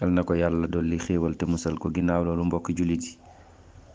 yal na ko yàlla dolli xéewal te musal ko ginnaaw loolu mbokki jullit yi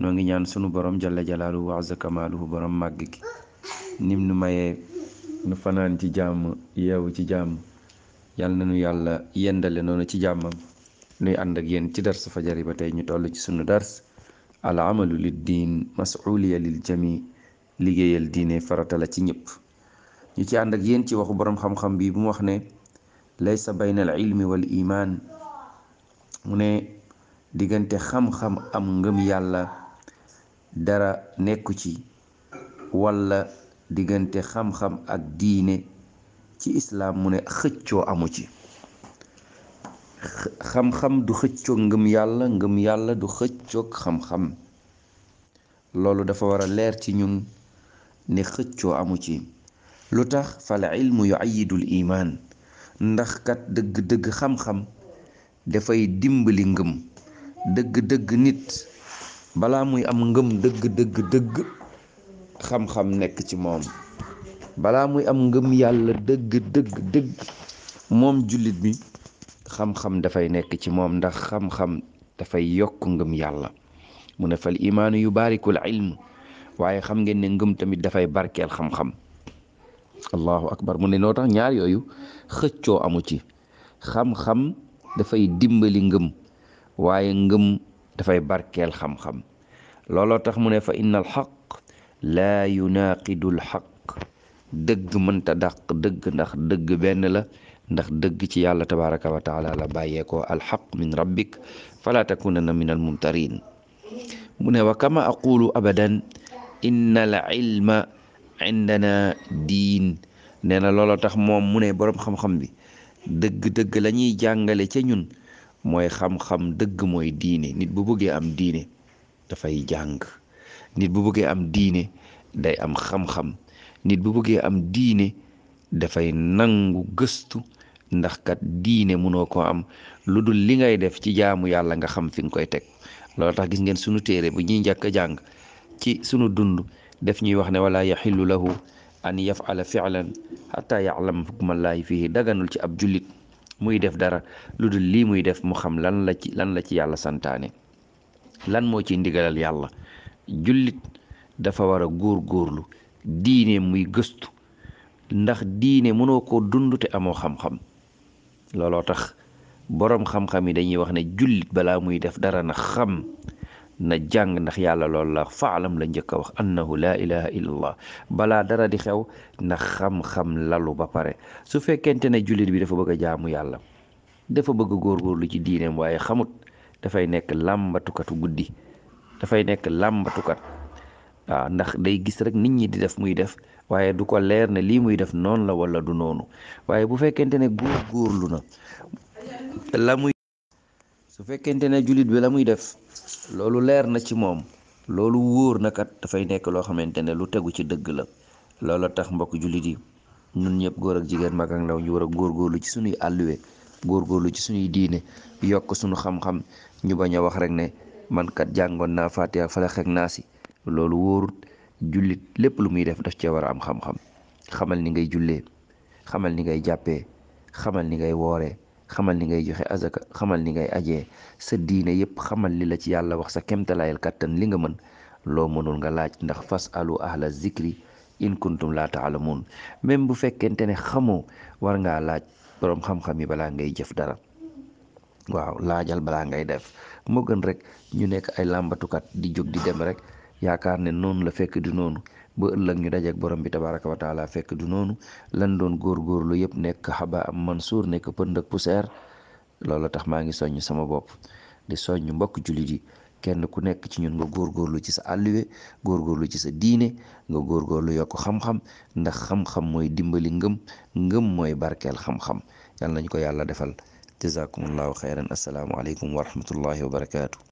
noo ngi ñaan sunu borom jalla jalaaluhu wa azza kamaaluhu borom màgg gi nim nu mayee nu fanaan ci jàmm yeewu ci jàmm yal na nu yàlla yendale noonu ci jàmmam nuy ànd ak yéen ci dars fajar yi ba tey ñu toll ci sunu dars al amalu lid diin masuuliya lil jami liggéeyal diine farata ci ñëpp ñu ci ànd ak yéen ci waxu borom xam-xam bi bu mu wax ne laysa bayna al ilmi mu ne diggante xam-xam am ngëm yàlla dara nekku ci walla diggante xam-xam ak diine ci islaam mu ne xëccoo amu ci xam-xam du xëccoog ngëm yàlla ngëm yàlla du xëccoog xam-xam loolu dafa war a leer ci ñun ne xëccoo amu ci lu tax fal ilmu yuayidu l iman ndax kat dëgg-dëgg xam-xam dafay dimbali ngëm dëgg-dëgg nit balaa muy am ngëm dëgg-dëgg-dëgg nekk ci moom balaa muy am ngëm yàlla dëgg-dëgg-dëgg jullit bi xam-xam dafay nekk ci moom ndax xam-xam dafay yokk ngëm yàlla mu ne fal imaanu yu baarikul ilm waaye xam ngeen ne ngëm tamit dafay barkeel xam-xam allahu akbar mu ne noo tax ñaar yooyu xëccoo amu ci xam-xam dafay dimbali ngam waaye ngam dafay barkeel xam looloo tax mu ne fa inna al xaq laa yunaaqidu al xaq dëgg mënta dàq dëgg ndax dëgg benn la ndax dëgg ci yàlla tabaraka wa la bàyyeekoo alxaq min rabbik falaa takunanna min al mu ne wa kama aqulu abadan inna al ilma indana diin na looloo tax moom mu ne boroom xamxam bi dëgg-dëgg lañuy jàngale ca ñun mooy xam-xam dëgg mooy diine nit bu bëggee am diine dafay jàng nit bu bëggee am diine day am xam-xam nit bu bëggee am diine dafay nangu gëstu ndax kat diine mënoo ko am lu dul li ngay def ci jaamu yàlla nga xam fi nga koy teg loolu tax gis ngeen sunu téere bu ñuy njëkk a jàng ci sunu dund def ñuy wax ne wala yaxillu lahu an yafala filan xata yaalam hukma laay fii daganul ci ab jullit muy def dara lu dul lii muy def mu xam lan la ci lan la ci yàlla santaane lan moo ci ndigalal yàlla jullit dafa war a góor góorlu diine muy gëstu ndax diine mënoo ko dund te amoo xam-xam looloo tax boroom xam-xam yi dañuy wax ne jullit balaa muy def dara na xam na jàng ndax yàlla loolu la faalam la njëkk a wax annahu laa ilaha illallah balaa dara di xew ndax xam-xam lalu ba pare su fekkente ne jullit bi dafa bëgg a jaamu yàlla dafa bëgg góorgóorlu ci diineem waaye xamut dafay nekk làmbatukatu guddi dafay nekk làmbatukat waaw ndax day gis rek nit ñi di def muy def waaye du ko leer na lii muy def noonu la wala du noonu waaye bu fekkente ne góorlu na la muy su fekkente ne jullit bi la muy def loolu leer na ci moom loolu wóor nakat dafay nekk loo xamante ne lu tegu ci dëgg la loola tax mbokk jullit yi ñun ñëpp góor jigéen mag ak ndaw ñu war a góorgóorlu ci suñuy àlluwe góorgóorlu ci suñuy diine yokk suñu xam ñu bañ a wax rek ne man jàngoon naa Faatiha Falaq ak Naas loolu wóorut jullit lépp lu muy def daf cee war a am xam xamal ni ngay jullee xamal ni ngay jàppee xamal ni ngay wooree xamal ni ngay joxe azaka xamal ni ngay ajee sa diine yëpp xamal li la ci yàlla wax sa kemtalayal kàttan li nga mën loo mënul nga laaj ndax fas alu ahla zikri in kuntum laa taalamuun même bu fekkente ne xamoo war ngaa laaj boroom xam-xam yi balaa ngay jëf dara waaw laajal balaa ngay def moo gën rek ñu nekk ay làmbatukat di jóg di dem rek yaakaar ne noonu la fekk di noonu ba ëllëg ñu dajeek borom bi tabaraka wa taala fekk du noonu lan doon góorlu yëpp nekk xaba am mansuur nekk pënd ak poussière loolu tax maa ngi soññ sama bopp di soññ mbokk jullit kenn ku nekk ci ñun nga góorgóorlu ci sa àlluwe góorgóorlu ci sa diine nga góor góorgóorlu yokk xam-xam ndax xam-xam mooy dimbali ngëm ngëm mooy barkeel xam-xam yàlla nañ ko yàlla defal jazakumullahu xayran assalaamu aleykum wa rahmatullahi wa barakaatu.